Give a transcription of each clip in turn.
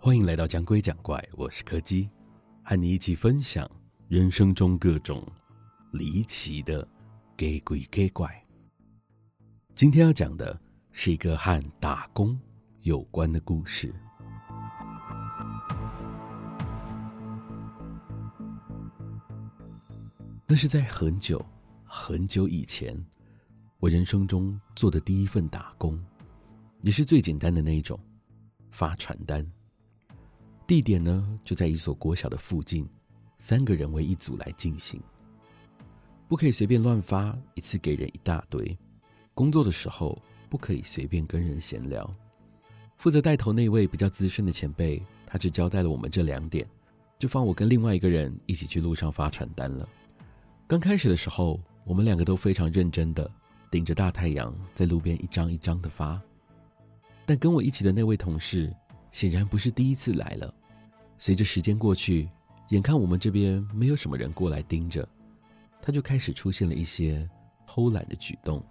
歡迎來到《講鬼講怪》，我是柯基，和你一起分享人生中各種離奇的給鬼給怪。今天要講的是一個和打工有關的故事。那是在很久很久以前，我人生中做的第一份打工。也是最簡單的那一種，發傳單。地點呢就在一所國小的附近，三個人為一組來進行，不可以隨便亂發，一次給人一大堆。工作的時候不可以隨便跟人閒聊。負責帶頭那位比較資深的前輩，他只交代了我們這兩點，就放我跟另外一個人一起去路上發傳單了。剛開始的時候，我們兩個都非常認真地頂着大太陽，在路邊一張一張地發。但跟我一起的那位同事顯然不是第一次來了。隨着時間過去，眼看我們這邊沒有什麼人過來盯着，他就開始出現了一些偷懶的舉動，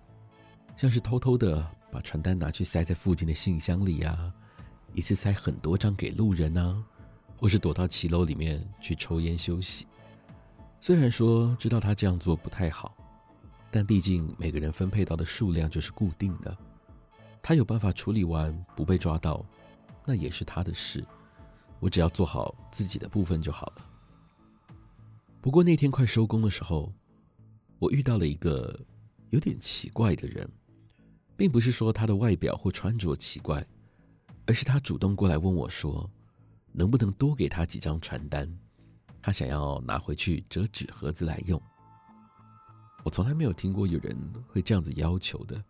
像是偷偷的把傳單拿去塞在附近的信箱裡啊，一次塞很多張給路人吶啊，或是躲到騎樓裡面去抽菸休息。雖然說知道他這樣做不太好，但畢竟每個人分配到的數量就是固定的。他有辦法處理完不被抓到，那也是他的事。我只要做好自己的部分就好了。不過那天快收工的時候，我遇到了一個有點奇怪的人，並不是說他的外表或穿着奇怪，而是他主動過來問我說，能不能多給他幾張傳單？他想要拿回去折紙盒子來用。我從來沒有聽過有人會這樣子要求的。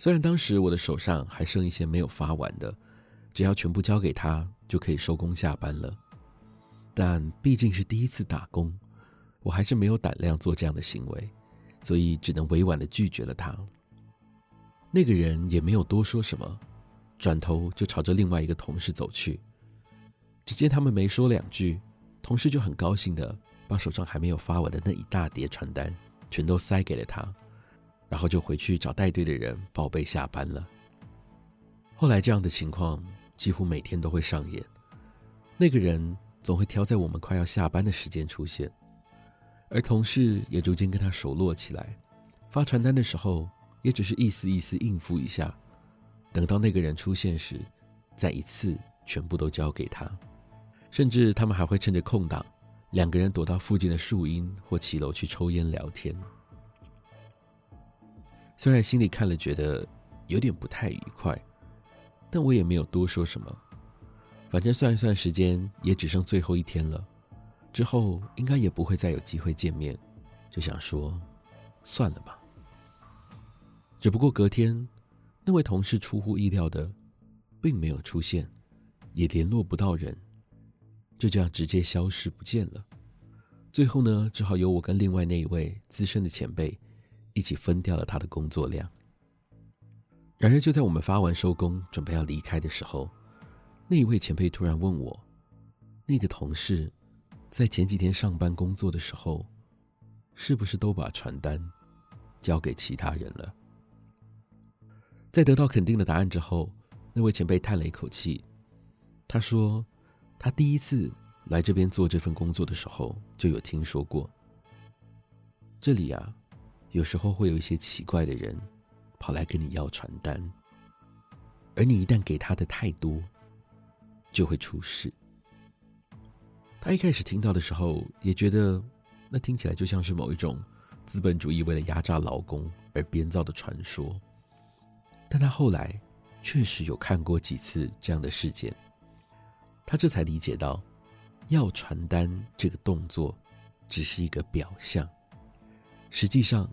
雖然當時我的手上還剩一些沒有發完的，只要全部交給他就可以收工下班了，但畢竟是第一次打工，我還是沒有膽量做這樣的行為，所以只能委婉的拒絕了他。那個人也沒有多說什麼，轉頭就朝着另外一個同事走去。只見他們沒說兩句，同事就很高興的把手上還沒有發完的那一大疊傳單，全都塞給了他。然後就回去找帶隊的人報備下班了。後來這樣的情況幾乎每天都會上演，那個人總會挑在我們快要下班的時間出現，而同事也逐漸跟他熟絡起來。發傳單的時候也只是意思意思應付一下，等到那個人出現時，再一次全部都交給他。甚至他們還會趁着空檔，兩個人躲到附近的樹蔭或騎樓去抽煙聊天。雖然心裡看了覺得有點不太愉快，但我也沒有多說什麼。反正算一算時間，也只剩最後一天了，之後應該也不會再有機會見面，就想說，算了吧。只不過隔天，那位同事出乎意料的，並沒有出現，也聯絡不到人，就這樣直接消失不見了。最後呢，只好由我跟另外那一位資深的前輩。一起分掉了他的工作量。然而，就在我們發完收工，準備要離開的時候，那一位前輩突然問我：“那個同事，在前幾天上班工作的時候，是不是都把傳單交給其他人了？”在得到肯定的答案之後，那位前輩嘆了一口氣，他說：“他第一次來這邊做這份工作的時候，就有聽說過這裡呀。”有時候會有一些奇怪的人，跑來跟你要傳單，而你一旦給他的太多，就會出事。他一開始聽到的時候，也覺得那聽起來就像是某一種資本主義為了壓榨勞工而編造的傳說，但他後來確實有看過幾次這樣的事件，他這才理解到，要傳單這個動作，只是一個表象，實際上。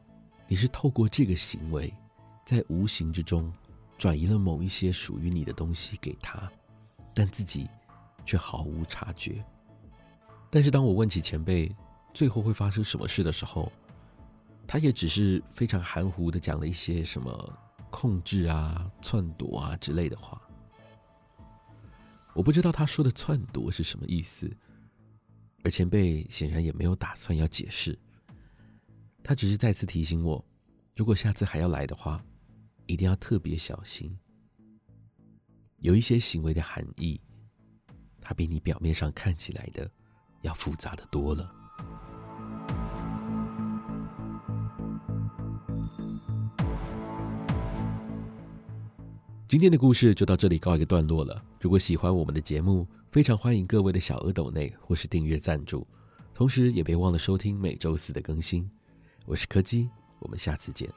你是透過這個行為，在無形之中轉移了某一些屬於你的東西給他，但自己卻毫無察覺。但是當我問起前輩最後會發生什麼事的時候，他也只是非常含糊的講了一些什麼控制啊、篡奪啊之類的話。我不知道他說的篡奪是什麼意思，而前輩顯然也沒有打算要解釋。他只是再次提醒我，如果下次還要來的話，一定要特別小心。有一些行為的含義，它比你表面上看起來的要複雜得多了。今天的故事就到這裡告一個段落了。如果喜歡我們的節目，非常歡迎各位的小額鬥內或是訂閱贊助，同時也別忘了收聽每周四的更新。我是柯基，我們下次見。